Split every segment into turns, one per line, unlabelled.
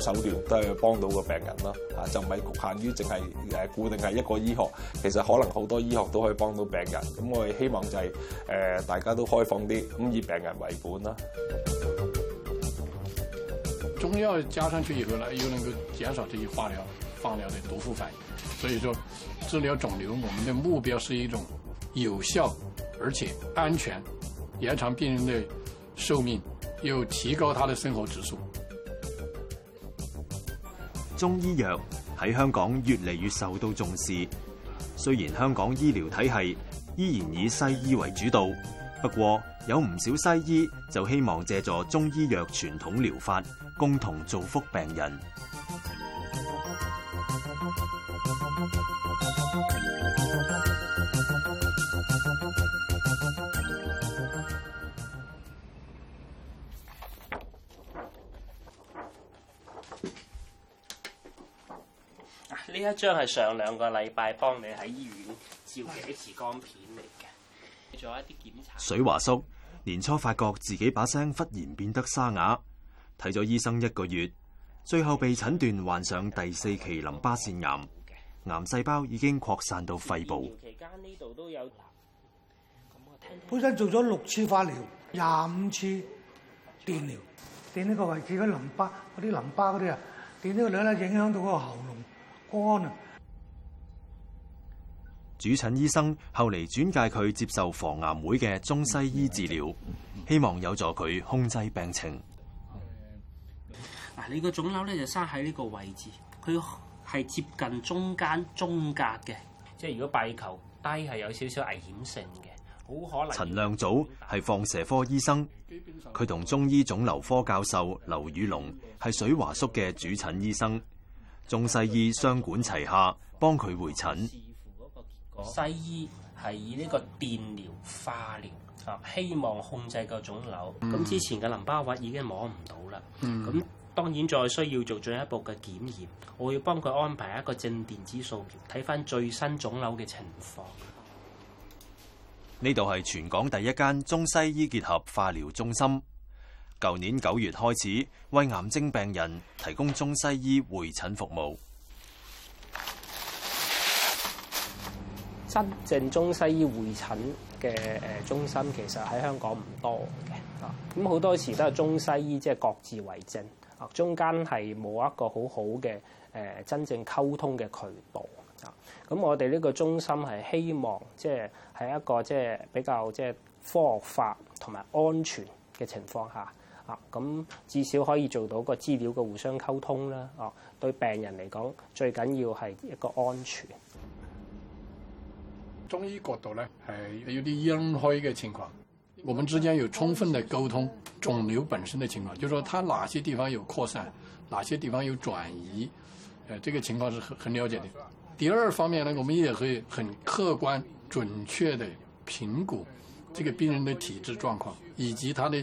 手段都係幫到個病人咯，啊，就唔係局限於淨係誒固定係一個醫學，其實可能好多醫學都可以幫到病人。咁我哋希望就係、是、誒、呃、大家都開放啲，咁
以病人為本啦。中藥加上去以後呢，又能夠減少這些化療、放療的毒副反應。所以說，治療腫瘤我們的目標是一種有效而且安全，延長病人的壽命，又提高他的生活指數。
中醫藥喺香港越嚟越受到重視，雖然香港醫療體系依然以西醫為主導，不過有唔少西醫就希望借助中醫藥傳統療法，共同造福病人。
一張係上兩個禮拜幫你喺醫院照嘅啲 X 光片嚟嘅，做一啲檢
查。水華叔年初發覺自己把聲忽然變得沙啞，睇咗醫生一個月，最後被診斷患上第四期淋巴腺癌，癌細胞已經擴散到肺部。
期
間呢度都有，本身做咗六次化療，廿五次電療，電呢個位置嗰淋巴嗰啲淋巴嗰啲啊，電呢個咧咧影響到個喉嚨。肝
啊！主診醫生後嚟，轉介佢接受防癌會嘅中西醫治療，希望有助佢控制病情。
嗱，你個腫瘤咧就生喺呢個位置，佢係接近中間中隔嘅，即係如果擺球低係有少少危險性嘅，好可能。陳
亮祖係放射科醫生，佢同中醫腫瘤科教授劉宇龍係水華叔嘅主診醫生。中西醫雙管齊下，幫佢回診。
西醫係以呢個電療、化療啊，希望控制個腫瘤。咁、嗯、之前嘅淋巴核已經摸唔到啦。咁、嗯、當然再需要做進一步嘅檢驗，我要幫佢安排一個正電子掃描，睇翻最新腫瘤嘅情況。
呢度係全港第一間中西醫結合化療中心。舊年九月開始，為癌症病人提供中西醫會診服務。
真正中西醫會診嘅誒中心，其實喺香港唔多嘅啊。咁好多時都係中西醫即係、就是、各自為政啊，中間係冇一個很好好嘅誒真正溝通嘅渠道啊。咁我哋呢個中心係希望即係係一個即係比較即係科學化同埋安全嘅情況下。咁、啊、至少可以做到個資料嘅互相溝通啦，哦、啊，對病人嚟講最緊要係一個安全。
中醫角度咧係有啲陰虛嘅情況。我們之間有充分嘅溝通，腫瘤本身嘅情況，就是說它哪些地方有擴散，哪些地方有轉移，誒、啊，這個情況是很很了解嘅。第二方面呢，我們也可以很客觀、準確地評估這個病人的體質狀況以及他的。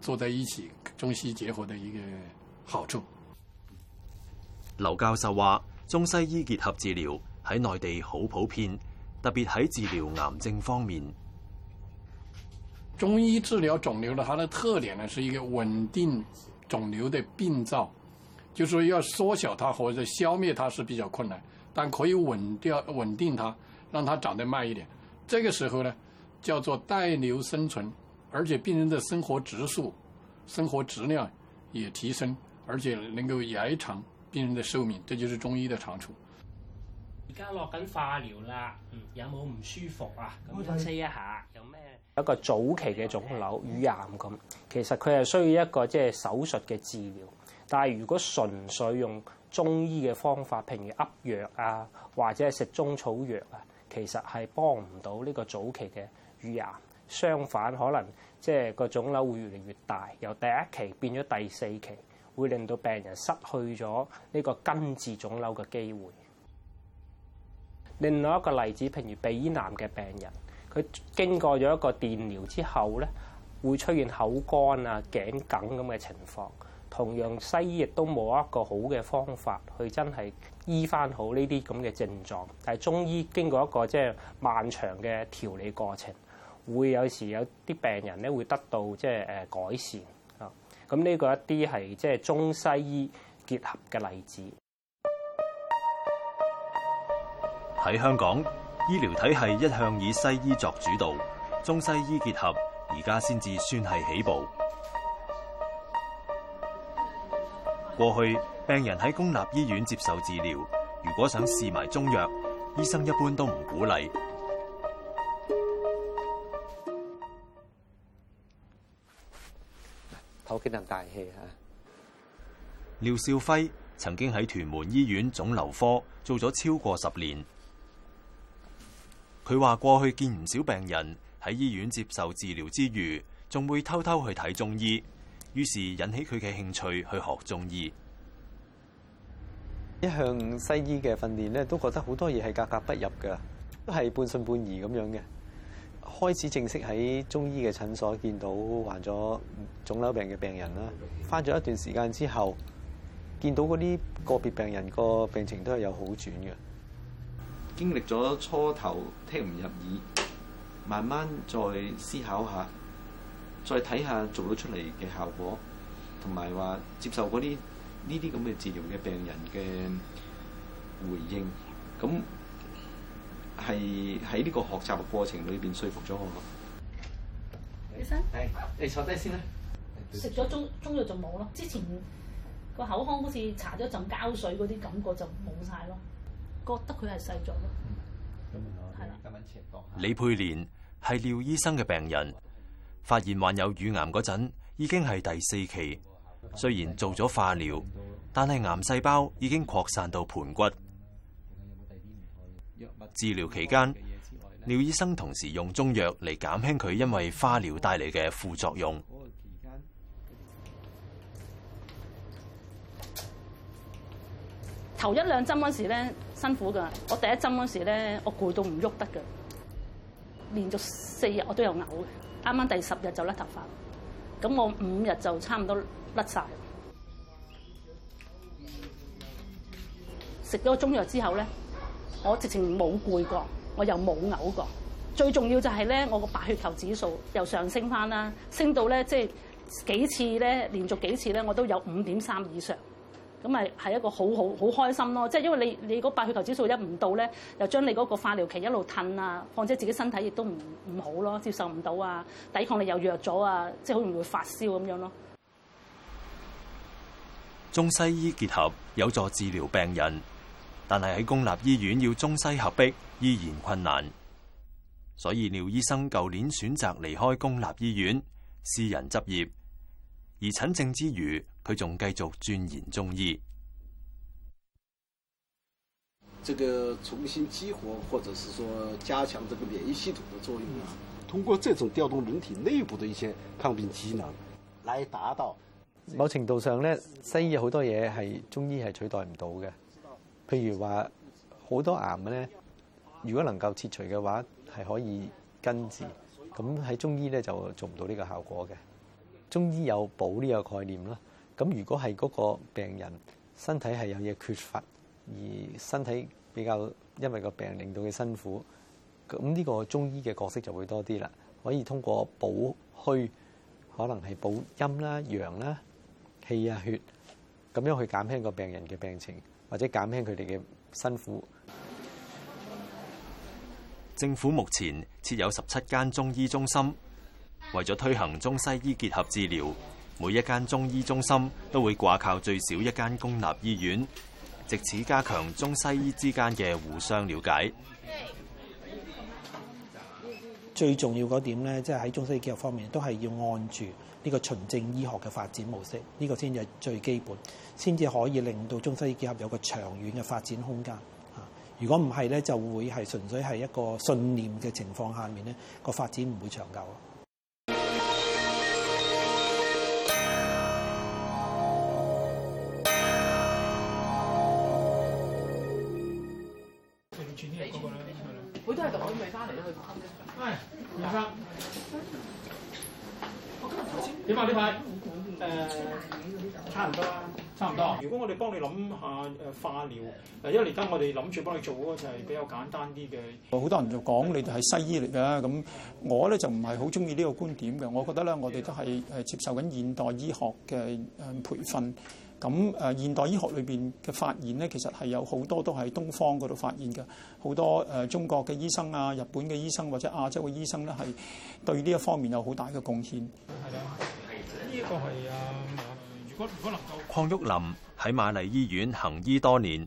坐在一起，中西結合的一個好處。
劉教授話，中西醫結合治療喺內地好普遍，
特別喺治療癌症方面。中醫治療腫瘤呢，它的特點呢，是一個穩定腫瘤的病灶，就是說要縮小它或者消滅它是比較困難，但可以穩掉穩定它，讓它長得慢一點。這個時候呢，叫做帶瘤生存。而且病人的生活質素、生活質量也提升，而且能夠延長病人的壽命，這就是中醫的長處。
而家落緊化療啦、嗯，有冇唔舒服啊？咁分析一下，
有咩？一個早期嘅腫瘤乳
癌咁，其實佢係需要一個即係手術嘅治療。但係如果純粹用中醫嘅方法，譬如噏藥啊，或者係食中草藥啊，其實係幫唔到呢個早期嘅乳癌。相反，可能即係個腫瘤會越嚟越大，由第一期變咗第四期，會令到病人失去咗呢個根治腫瘤嘅機會。另外一個例子，譬如鼻咽癌嘅病人，佢經過咗一個電療之後咧，會出現口乾啊、頸梗咁嘅情況，同樣西醫亦都冇一個好嘅方法去真係醫翻好呢啲咁嘅症狀，但係中醫經過一個即係漫長嘅調理過程。會有時有啲病人咧會得到即係誒改善啊。咁呢個一啲係即係中西醫結合
嘅例子。喺香港，醫療體系一向以西醫作主導，中西醫結合而家先至算係起步。過去病人喺公立醫院接受治療，如果想試埋中藥，醫生一般都唔鼓勵。
口技能大戲
啊！廖少輝曾經喺屯門醫院腫瘤科做咗超過十年，佢話過去見唔少病人喺醫院接受治療之餘，仲會偷偷去睇中醫，於是引起佢嘅興趣去學中醫。
一向西醫嘅訓練呢，都覺得好多嘢係格格不入噶，都係半信半疑咁樣嘅。開始正式喺中醫嘅診所見到患咗腫瘤病嘅病人啦，翻咗一段時間之後，見到嗰啲個別病人個病情都係有好轉嘅。經歷咗初頭聽唔入耳，慢慢再思考下，再睇下做咗出嚟嘅效果，同埋話接受嗰啲呢啲咁嘅治療嘅病人嘅回應，咁。係喺呢個學習嘅過程裏邊，説服咗我咯。
醫生，係你坐低先
啦。
食咗中中藥就冇咯。之前個口腔好似搽咗陣膠水嗰啲感覺就冇晒咯，覺得佢係細咗咯。嗯，咁唔該。係啦，一蚊錢。
李佩蓮係廖醫生嘅病人，發現患有乳癌嗰陣已經係第四期，雖然做咗化療，但係癌細胞已經擴散到盤骨。治療期間，廖醫生同時用中藥嚟減輕佢因為化療帶嚟嘅副作用。
頭一兩針嗰時咧，辛苦噶。我第一針嗰時咧，我攰到唔喐得噶，連續四日我都有嘔，啱啱第十日就甩頭髮，咁我五日就差唔多甩晒。食咗中藥之後咧。我直情冇攰過，我又冇嘔過。最重要就係咧，我個白血球指數又上升翻啦，升到咧，即係幾次咧，連續幾次咧，我都有五點三以上。咁咪係一個好好好好開心咯！即係因為你你嗰白血球指數一唔到咧，又將你嗰個化療期一路褪啊，況且自己身體亦都唔唔好咯，接受唔到啊，抵抗力又弱咗啊，即係好容易會發燒咁樣咯。
中西醫結合有助治療病人。但係喺公立醫院要中西合璧依然困難，所以廖醫生舊年選擇離開公立醫院，私人執業，而診症之餘，佢仲繼續鑽研中醫。
這個重新激活或者是說加強這個免疫系統的作用啊，通過這種調動人體內部的一些抗病機能來達到。某程度上咧，西醫好多嘢係中醫係取代唔到嘅。譬如話，好多癌咧，如果能夠切除嘅話，係可以根治。咁喺中醫咧就做唔到呢個效果嘅。中醫有補呢個概念啦，咁如果係嗰個病人身體係有嘢缺乏，而身體比較因為個病令到佢辛苦，咁呢個中醫嘅角色就會多啲啦。可以通過補虛，可能係補陰啦、陽啦、氣啊、血，咁樣去減輕個病人
嘅病情。或者減輕佢哋嘅辛苦。政府目前設有十七間中醫中心，為咗推行中西醫結合治療，每一間中醫中心都會掛靠最少一間公立醫院，藉此加強中西醫之間嘅互相了解。
最重要嗰點呢，即係喺中西醫結合方面，都係要按住呢個循證醫學嘅發展模式，呢個先至係最基本，先至可以令到中西醫結合有個長遠嘅發展空間。嚇，如果唔係呢，就會係純粹係一個信念嘅情況下面，呢個發展唔會長久。
如果我哋幫你諗下誒化療，因為而家我哋諗住幫你做嗰個就係比較簡單啲嘅。好多人就講你哋係西醫嚟嘅，咁我咧就唔係好中意呢個觀點嘅。我覺得咧，我哋都係誒接受緊現代醫學嘅誒培訓。咁誒現代醫學裏邊嘅發現咧，其實係有好多都係東方嗰度發現嘅。好多誒中國嘅醫生啊、日本嘅醫生或者亞洲嘅醫生咧，係對呢一方面有好大嘅貢獻。係啦，呢一個係啊。
鄺玉林喺瑪麗醫院行醫多年，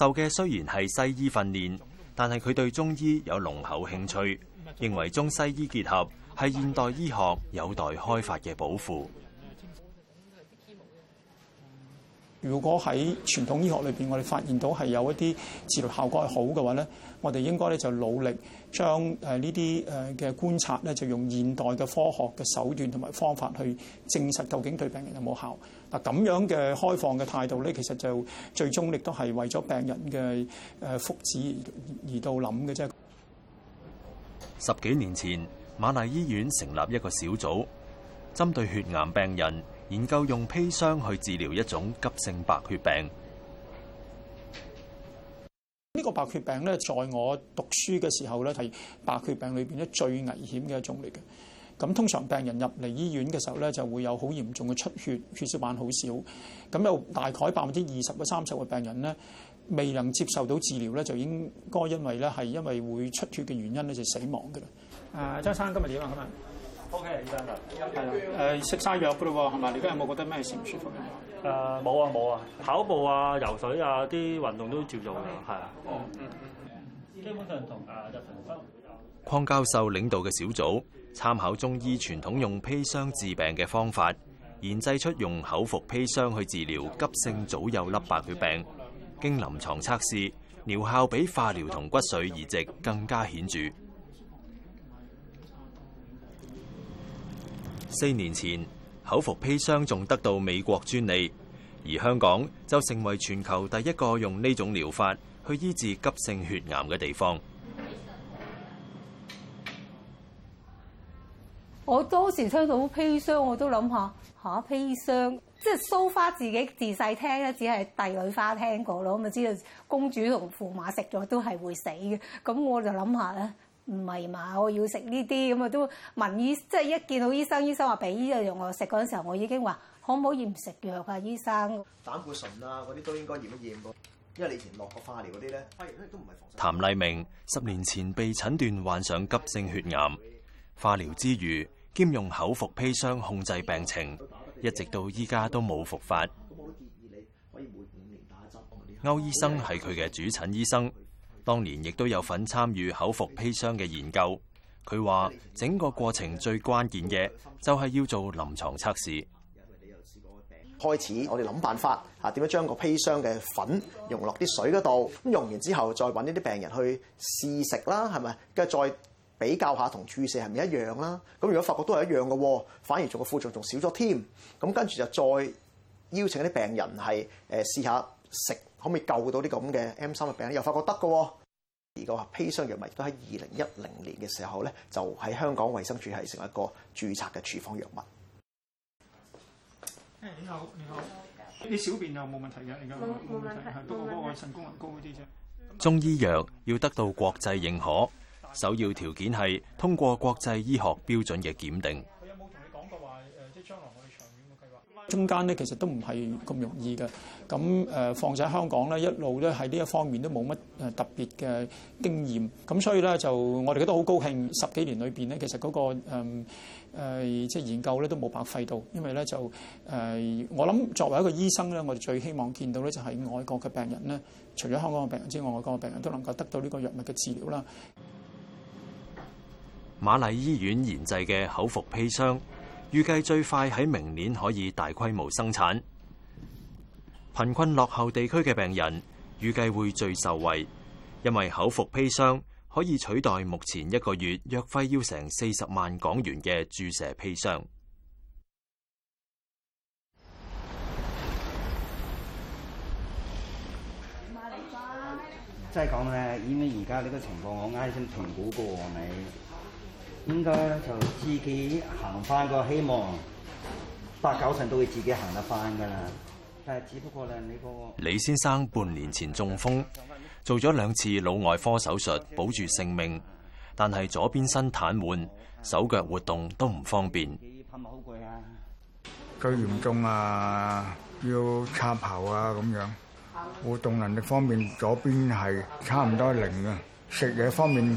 受嘅雖然係西醫訓練，但係佢對中醫有濃厚興趣，認為中西醫結合係現代醫學有待開發嘅寶庫。
如果喺傳統醫學裏邊，我哋發現到係有一啲治療效果係好嘅話咧，我哋應該咧就努力將誒呢啲誒嘅觀察咧，就用現代嘅科學嘅手段同埋方法去證實究竟對病人有冇效。嗱，咁樣嘅開放嘅態度咧，其實就最終亦都係為咗病人嘅誒福祉而而到諗嘅啫。
十幾年前，瑪麗醫院成立一個小組，針對血癌病人。研究用砒霜去治療一種急性白血病。
呢個白血病咧，在我讀書嘅時候咧，係白血病裏邊咧最危險嘅一種嚟嘅。咁通常病人入嚟醫院嘅時候咧，就會有好嚴重嘅出血，血小板好少。咁有大概百分之二十嘅、三十嘅病人咧，未能接受到治療咧，就應該因為咧係因為會出血嘅原因咧就死亡㗎喇。啊、呃，張生今日點啊？今日
O K，醫生啦，係誒食生藥
嘅咯喎，係、嗯、咪？你而家有
冇覺得咩事唔舒服？誒冇、呃、啊冇啊，跑步啊游水啊啲運動都照做。係嗎啊，哦嗯嗯、基本上同誒日常生
活鄺教授領導嘅小組參考中醫傳統用砒霜治病嘅方法，研製出用口服砒霜去治療急性早幼粒白血病，經臨床測試療效比化療同骨髓移植更加顯著。四年前，口服砒霜仲得到美國專利，而香港就成為全球第一個用呢種療法去醫治急性血癌嘅地方。
我當時聽到砒霜，我都諗下，嚇、啊、砒霜，即係蘇花自己自細聽咧，只係帝女花聽過咯，咁咪知道公主同駙馬食咗都係會死嘅，咁我就諗下咧。唔係嘛，我要食呢啲咁啊？都問醫，即係一見到醫生，醫生話俾啲藥我食嗰陣時候，我已經話可唔可以唔食藥啊？醫生，
膽固醇啊嗰啲都應該驗一驗噃，因為你前落過化療嗰啲咧，化都唔係。譚麗明十年前被診斷患上急性血癌，化療之餘兼用口服砒霜控制病情，一直到依家都冇復發。都
冇建議你可以每五年打一
針。歐醫生係佢嘅主診醫生。當年亦都有份參與口服砒霜嘅研究，佢話整個過程最關鍵嘅就係要做臨床測試。開始我哋諗辦法啊，點樣將個砒霜嘅粉溶落啲水嗰度，咁溶完之後再揾呢啲病人去試食啦，係咪？跟住再比較下同注射係咪一樣啦？咁如果發覺都係一樣嘅喎，反而仲個副作用仲少咗添。咁跟住就再邀請啲病人係，誒試下。食可唔可以救到啲個咁嘅 M 三嘅病人？又發覺得得嘅。而個砒霜藥物都喺二
零一零年嘅時候咧，就喺香港衛生署係成為一個註冊嘅處方藥物。你好，你好，你小便又冇問題嘅，而家冇冇問題？不過嗰個腎功能高啲
啫。中醫藥要得到國際認可，首要條件係通過國際醫學標準嘅檢定。
中間咧，其實都唔係咁容易嘅。咁誒，放喺香港咧，一路咧喺呢一方面都冇乜誒特別嘅經驗。咁所以咧，就我哋覺得好高興。十幾年裏邊咧，其實嗰、那個誒誒、嗯呃，即係研究咧都冇白費到。因為咧就誒、呃，我諗作為一個醫生咧，我哋最希望見到咧就係外國嘅病人咧，除咗香港嘅病人之外，外國嘅病人都能夠得到呢個藥物嘅治療啦。
瑪麗醫院研製嘅口服砒霜。預計最快喺明年可以大規模生產。貧困落後地區嘅病人預計會最受惠，因為口服砒霜可以取代目前一個月藥費要成四十萬港元嘅注射砒霜。
即係
講咧，因為而家呢個情況，我啱先評
估過你。應該就自己行翻個希望八，八九成都會自己行得翻噶啦。但係
只不過咧、嗰個，
你個李先生半年前中風，做咗兩次腦外科手術，保住性命，但係左邊身癱瘓，手腳活動都唔方便。係
咪好攰啊？最嚴重啊，要插喉啊咁樣，活動能力方面左邊係差唔多零嘅，食嘢方面。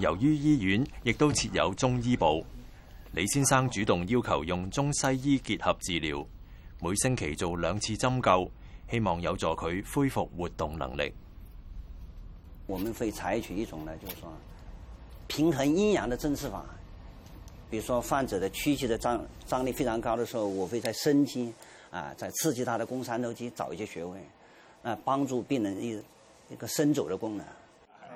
由於醫院亦都設有中醫部，李先生主動要求用中西醫結合治療，每星期做兩次針灸，希望有助佢恢復活動能力。
我們會採取一種呢，就是說平衡陰陽的針刺法。比如說患者的屈肌的張張力非常高的時候，我會在伸肌啊，在刺激他的肱三頭肌，找一些穴位，啊，幫助病人一一個伸肘的功能。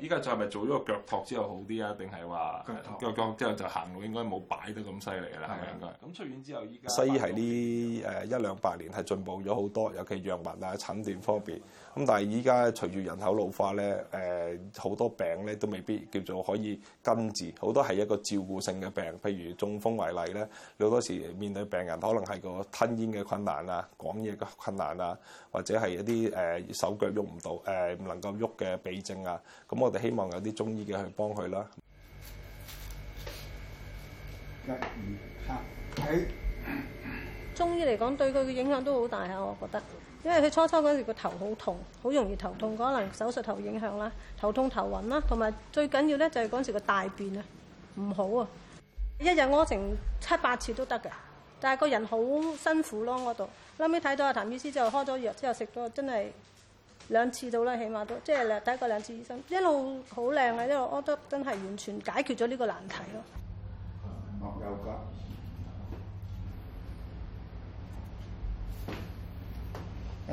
依家就係咪做咗個腳托之後好啲啊？定係話腳托之後就行路應該冇擺得咁犀利啦，係咪的的應該？咁出院之後依家西醫係呢誒一兩百年係進步咗好多，尤其藥物啊、診斷方面。咁但係依家隨住人口老化咧，誒好多病咧都未必叫做可以根治，好多係一個照顧性嘅病。譬如中風為例咧，好多時面對病人可能係個吞嚥嘅困難啊、講嘢嘅困難啊，或者係一啲誒手腳喐唔到、誒唔能夠喐嘅痹症啊。咁我哋希望有啲中醫嘅去幫佢啦。一、二、三，
中醫嚟講，對佢嘅影響都好大啊！我覺得，因為佢初初嗰時個頭好痛，好容易頭痛，可能手術頭影響啦，頭痛頭暈啦，同埋最緊要咧就係嗰時個大便啊，唔好啊，一日屙成七八次都得嘅，但係個人好辛苦咯，嗰度。後尾睇到阿譚醫師之後開咗藥，之後食咗，真係～兩次到啦，起碼都即係第一個兩次醫生，一路好靚呀，一路我覺得真係完全解決咗呢個難題咯。莫有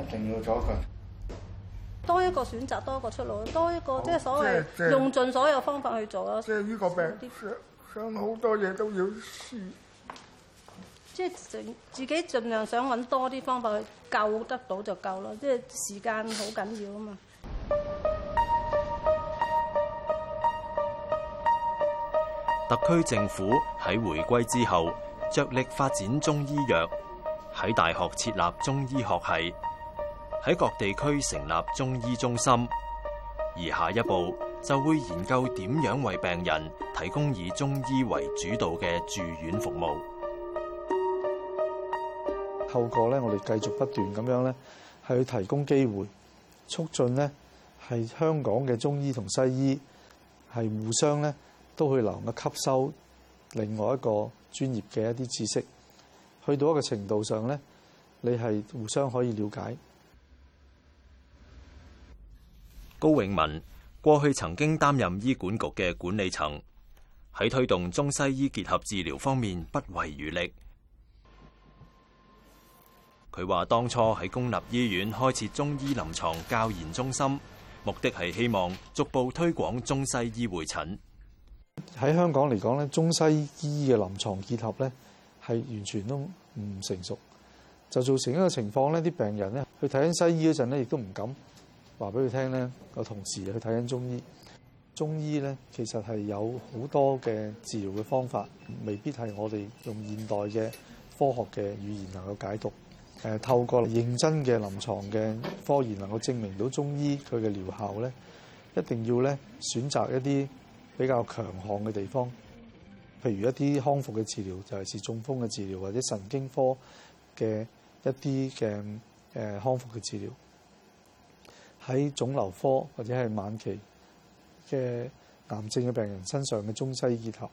㗎，一定要阻佢。
多一個選擇，多一個出路，多一個好即係所謂用盡所有方法去做咯。即係呢個病。啲想好多嘢都要試。即係盡自己盡量想揾多啲方法去救得到就救啦，即係時間好緊要啊嘛！
特區政府喺回歸之後，着力發展中醫藥，喺大學設立中醫學系，喺各地區成立中醫中心，而下一步就會研究點樣為病人提供以中醫為主導嘅住院服務。
透過咧，我哋繼續不斷咁樣咧，係去提供機會，促進咧係香港嘅中醫同西醫係互相咧都去能夠吸收另外一個專業嘅一啲知識，去到一個程度上咧，你係互相可以了解。
高永文過去曾經擔任醫管局嘅管理層，喺推動中西醫結合治療方面不遺餘力。佢話：當初喺公立醫院開設中醫臨床教研中心，目的係希望逐步推廣中西醫會診，
喺香港嚟講咧，中西醫嘅臨床結合咧係完全都唔成熟，就造成一個情況。呢啲病人咧去睇緊西醫嗰陣咧，亦都唔敢話俾佢聽咧。個同事去睇緊中醫，中醫咧其實係有好多嘅治療嘅方法，未必係我哋用現代嘅科學嘅語言能夠解讀。誒透過認真嘅臨床嘅科研，能夠證明到中醫佢嘅療效咧，一定要咧選擇一啲比較強項嘅地方，譬如一啲康復嘅治療，就係治中風嘅治療，或者神經科嘅一啲嘅誒康復嘅治療。喺腫瘤科或者係晚期嘅癌症嘅病人身上嘅中西結合，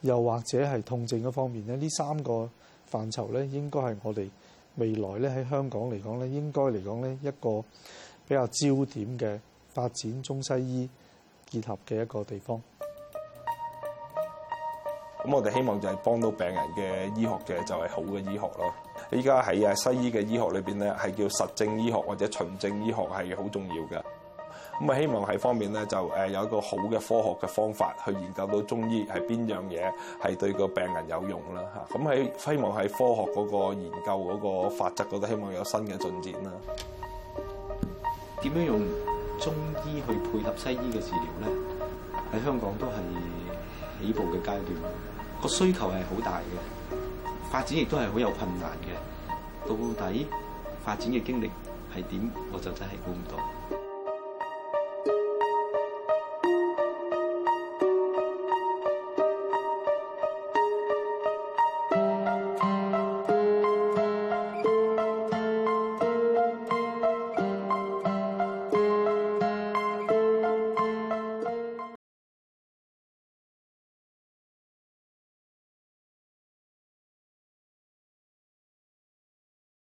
又或者係痛症嗰方面咧，呢三個範疇咧，應該係我哋。未來咧喺香港嚟講咧，應該嚟講咧一個比較焦點嘅發展中西醫結合嘅一個地方。
咁我哋希望就係幫到病人嘅醫學嘅就係好嘅醫學咯。依家喺啊西醫嘅醫學裏邊咧，係叫實證醫學或者循證醫學係好重要嘅。咁啊，希望喺方面咧，就誒有一個好嘅科學嘅方法去研究到中醫係邊樣嘢係對個病人有用啦嚇。咁喺希望喺科學嗰個研究嗰個法則嗰度，希望有新嘅進展啦。
點樣用中醫去配合西醫嘅治療咧？喺香港都係起步嘅階段，個需求係好大嘅，發展亦都係好有困難嘅。到底發展嘅經歷係點？我就真係估唔到。